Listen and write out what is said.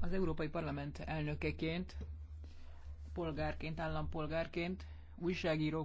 az európai parlament elnökeként polgárként állampolgárként újságróként